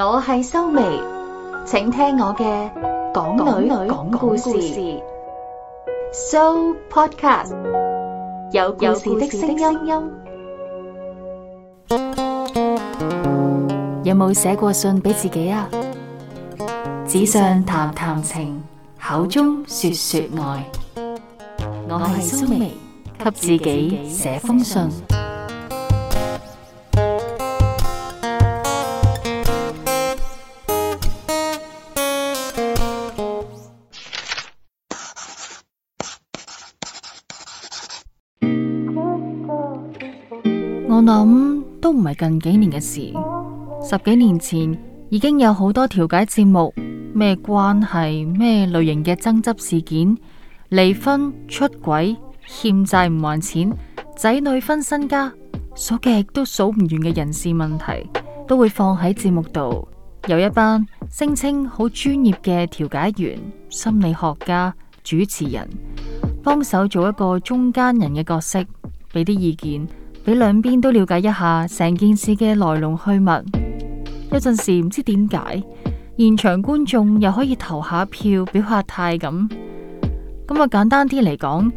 我係蘇眉，請聽我嘅港女女講故事，So Podcast 有故事的聲音。有冇寫過信俾自己啊？紙上談談情，口中說說愛。我係蘇眉，給自己寫封信。諗都唔係近幾年嘅事，十幾年前已經有好多調解節目，咩關係、咩類型嘅爭執事件、離婚、出軌、欠債唔還錢、仔女分身家，數極都數唔完嘅人事問題，都會放喺節目度，有一班聲稱好專業嘅調解員、心理學家、主持人，幫手做一個中間人嘅角色，俾啲意見。俾兩邊都了解一下成件事嘅來龍去脈，有陣時唔知點解現場觀眾又可以投下票表下態咁，咁啊簡單啲嚟講，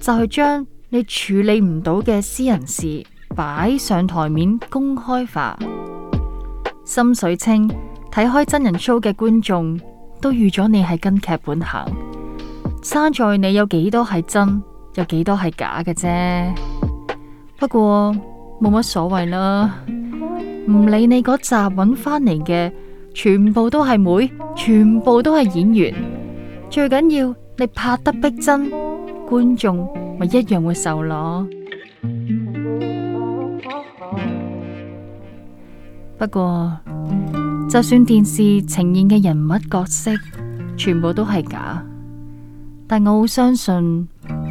就係將你處理唔到嘅私人事擺上台面公開化。心水清睇開真人 show 嘅觀眾都預咗你係跟劇本行，生在你有幾多係真，有幾多係假嘅啫。不過冇乜所謂啦，唔理你嗰集搵返嚟嘅，全部都係妹，全部都係演員。最緊要你拍得逼真，觀眾咪一樣會受落。不過就算電視呈現嘅人物角色全部都係假，但我好相信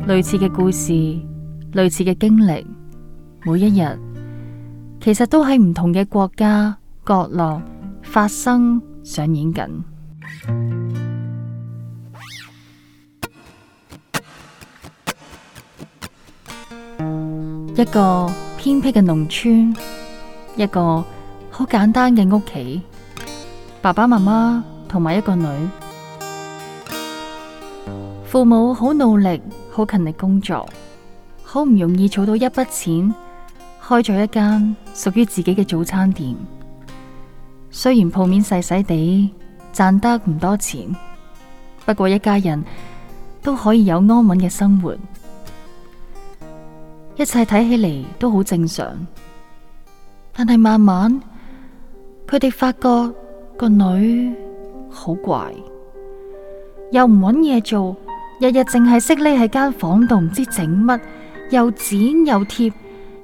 類似嘅故事、類似嘅經歷。每一日，其實都喺唔同嘅國家角落發生上演緊。 一個偏僻嘅農村，一個好簡單嘅屋企，爸爸媽媽同埋一個女，父母好努力、好勤力工作，好唔容易儲到一筆錢。開咗一間屬於自己嘅早餐店，雖然鋪面細細地，賺得唔多錢，不過一家人都可以有安穩嘅生活，一切睇起嚟都好正常。但係慢慢，佢哋發覺個女好怪，又唔搵嘢做，日日淨係識匿喺間房度，唔知整乜，又剪又貼。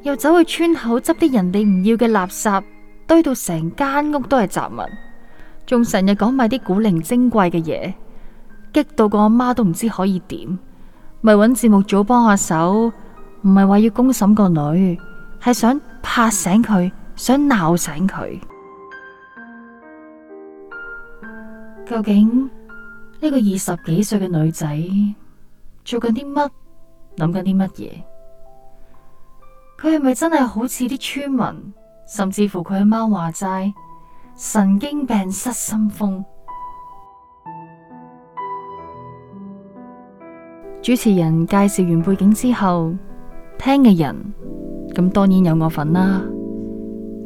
又走去村口執啲人哋唔要嘅垃圾，堆到成間屋都係雜物，仲成日講埋啲古靈精怪嘅嘢，激到個阿媽都唔知可以點，咪揾節目組幫下手，唔係話要公審個女，係想拍醒佢，想鬧醒佢。 究竟呢個二十幾歲嘅女仔做緊啲乜，諗緊啲乜嘢？佢係咪真係好似啲村民，甚至乎佢阿媽話齋神經病失心瘋？ 主持人介紹完背景之後，聽嘅人，咁當然有我份啦。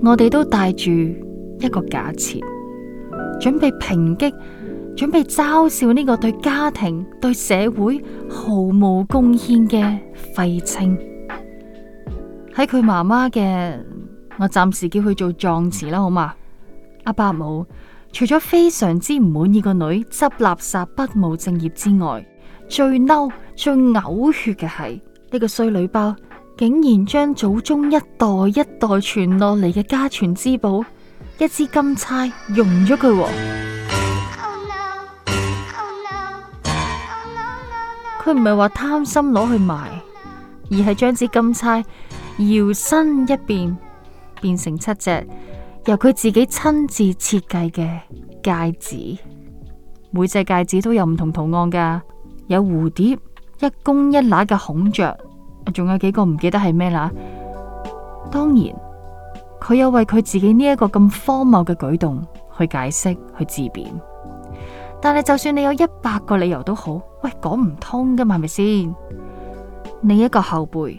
我哋都帶住一個假設，準備抨擊，準備嘲笑呢個對家庭、對社會毫無貢獻嘅廢青。喺佢媽媽嘅，我暫時叫佢做狀詞啦，好嘛？阿伯母除咗非常之唔滿意個女執垃圾、不務正業之外，最嬲、最嘔血嘅係呢個衰女包，竟然將祖宗一代一代傳落嚟嘅家傳之寶一支金釵溶咗佢，佢唔係話貪心攞去賣，而係將支金釵。搖身一變，變成七隻，由佢自己親自設計嘅戒指，每隻戒指都有唔同圖案噶，有蝴蝶、一公一乸嘅孔雀，仲有幾個唔記得係咩啦。當然，佢有為佢自己呢一個咁荒謬嘅舉動去解釋去自辯，但係就算你有一百個理由都好，喂，講唔通噶嘛係咪先？你一個後輩。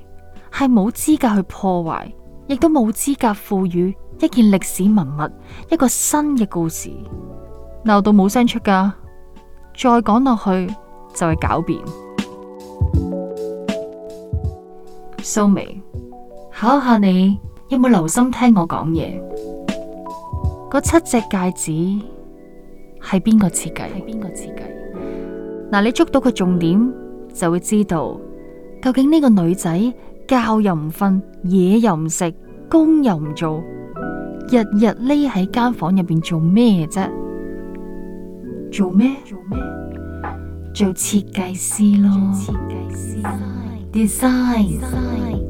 係冇資格去破壞，亦都冇資格賦予一件歷史文物一個新嘅故事，鬧到冇聲出噶。再講落去就係狡辯。蘇眉，考下你有冇留心聽我講嘢？嗰七隻戒指係邊個設計？係邊個設計？嗱，你捉到個重點就會知道究竟呢個女仔，覺又唔瞓，嘢又唔食，工又唔做，日日匿喺間房入邊做咩啫？做咩？做咩？做設計師咯。啊，設計師。Design。Design。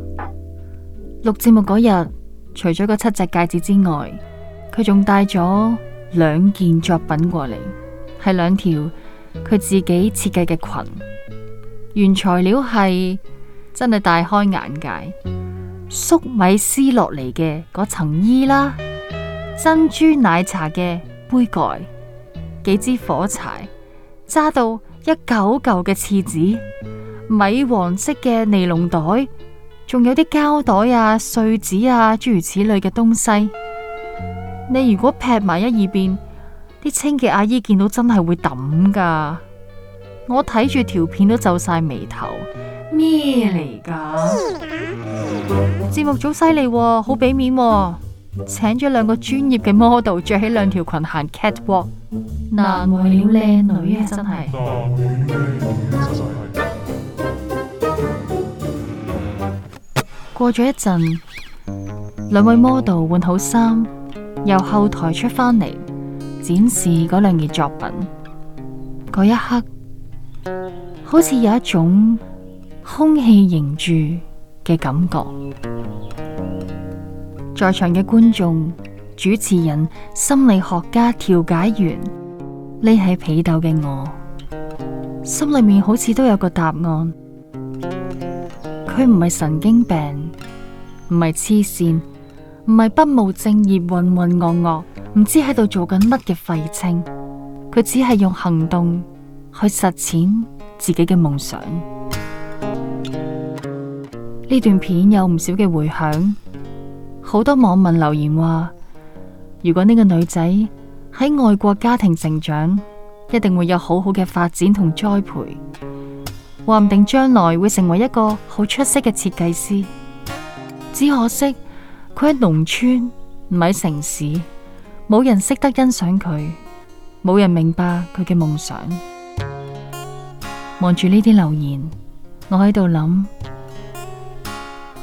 錄節目嗰日，除咗個七隻戒指之外，佢仲帶咗兩件作品過嚟，係兩條佢自己設計嘅裙，原材料係。真係大開眼界，粟米絲落嚟嘅嗰層衣啦，珍珠奶茶嘅杯蓋，幾支火柴，揸到一嚿嚿嘅廁紙，米黃色嘅尼龍袋，仲有啲膠袋啊、碎紙啊，諸如此類嘅東西。你如果劈埋一二邊，啲清潔阿姨見到真係會抌㗎。我睇住條片都皺晒眉頭。咩嚟噶？節 目組犀利，好俾面， 請咗兩個專業嘅 model 着起兩條裙行 catwalk， 難為了靚女啊！真係 過咗一陣，兩位 model 換好衫，由後台出翻嚟展示嗰兩件作品。嗰一刻好似有一種。空氣凝住嘅感覺，在場嘅觀眾、主持人、心理學家、調解員，匿喺被竇嘅我，心裏面好似都有個答案。佢唔係神經病，唔係黐線，唔係不務正業、渾渾噩噩，唔知喺度做緊乜嘅廢青。佢只係用行動去實踐自己嘅夢想。呢段片有唔少嘅回響，好多網民留言話：如果呢個女仔喺外國家庭成長，一定會有好好嘅發展同栽培，話唔定將來會成為一個好出色嘅設計師。只可惜佢喺農村，唔喺城市，冇人識得欣賞佢，冇人明白佢嘅夢想。望住呢啲留言，我喺度諗。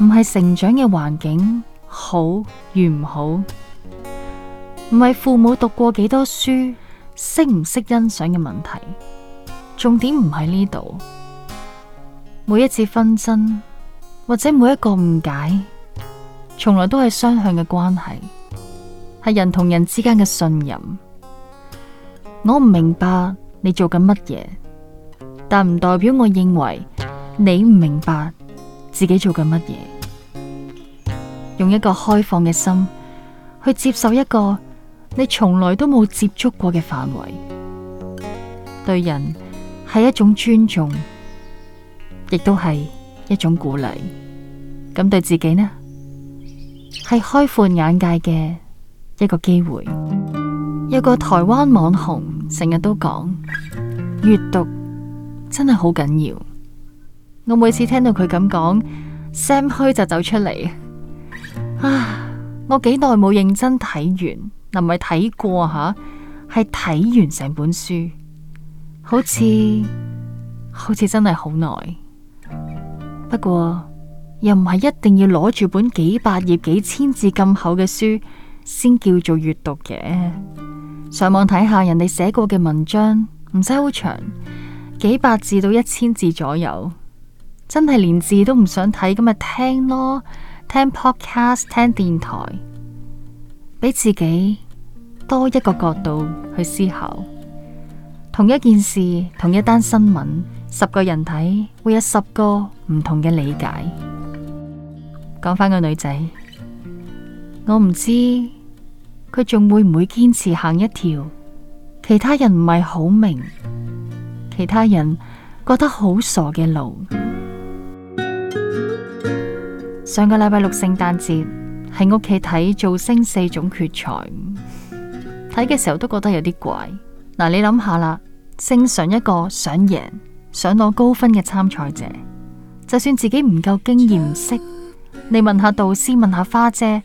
唔係成長嘅環境好與唔好，唔係父母讀過幾多書，識唔識欣賞嘅問題。重點唔喺呢度。每一次紛爭或者每一個誤解，從來都係雙向嘅關係，係人同人之間嘅信任。我唔明白你做緊乜嘢，但唔代表我認為你唔明白自己做緊乜嘢。用一個開放嘅心去接受一個你從來都冇接觸過嘅範圍，對人係一種尊重，亦都係一種鼓勵。咁對自己呢，係開闊眼界嘅一個機會。有個台灣網紅成日都講，閱讀真係好緊要。我每次聽到佢咁講，聲虛就走出嚟。我幾耐冇認真睇完？唔係睇過吓，係、啊、睇完成本書，好似好似真係好耐。不過又唔係一定要攞住本幾百頁、幾千字咁厚嘅書先叫做閱讀嘅。上網睇下人哋寫過嘅文章，唔使好長，幾百字到一千字左右，真係連字都唔想睇，咁咪聽咯。聽 podcast、聽電台，俾自己多一個角度去思考。同一件事、同一單新聞，十個人睇會有十個唔同嘅理解。講返個女仔，我唔知佢仲會唔會堅持行一條其他人唔係好明、其他人覺得好傻嘅路。上個禮拜六聖誕節喺屋企睇造星四總決賽，睇嘅時候都覺得有啲怪。嗱，你諗下啦，正常一個想贏、想攞高分嘅參賽者，就算自己唔夠經驗識，你問下導師、問下花姐，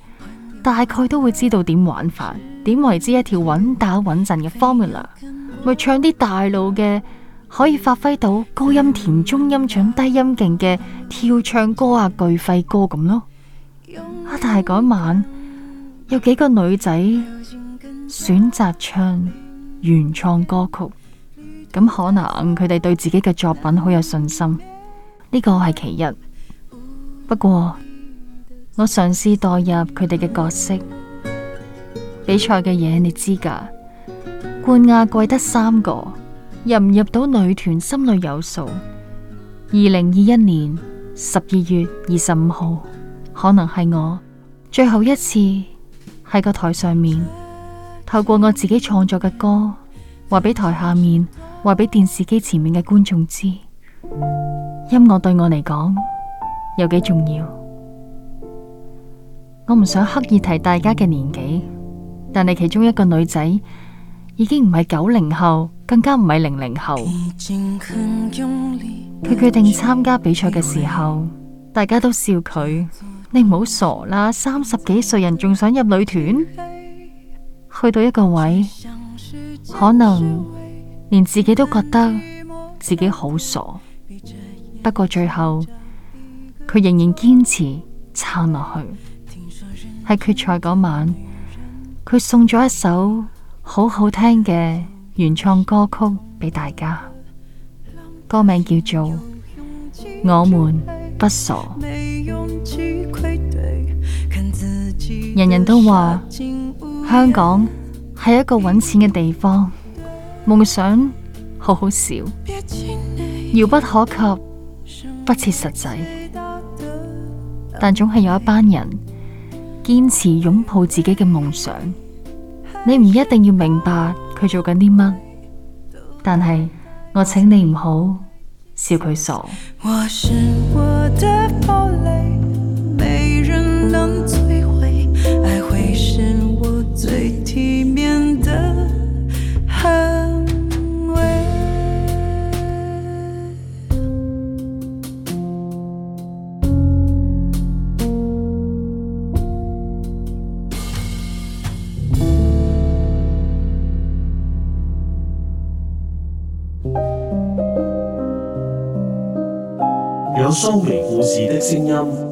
大概都會知道點玩法、點為之一條穩打穩進穩打穩陣嘅 formula，咪唱啲大路嘅。可以發揮到高音田、甜中音、長低音勁嘅跳唱歌啊，巨肺歌咁咯。啊，但係嗰晚有幾個女仔選擇唱原創歌曲，咁可能佢哋對自己嘅作品好有信心。呢個係其一。不過我嘗試代入佢哋嘅角色，比賽嘅嘢你知㗎，冠亞季得三個。入唔入到女團，心裏有數。二零二一年十二月二十五號，可能係我最後一次喺個台上面透過我自己創作嘅歌，話俾台下面話俾電視機前面嘅觀眾知，音樂對我嚟講有幾重要。我唔想刻意提大家嘅年紀，但係其中一個女仔已經唔係九零後。更加唔係零零後，佢決定參加比賽嘅時候，大家都笑佢：你唔好傻啦，三十幾歲人仲想入女團？去到一個位，可能連自己都覺得自己好傻。不過最後，佢仍然堅持撐落去。喺決賽嗰晚，佢送咗一首好好聽嘅。原創歌曲俾大家，歌名叫做《我們不傻》。人人都話香港係一個揾錢嘅地方，夢想好好笑，遙不可及，不切實際。但總係有一班人堅持擁抱自己嘅夢想。你唔一定要明白。佢做緊啲乜？但係我請你唔好笑佢傻。 雙眉故事的聲音。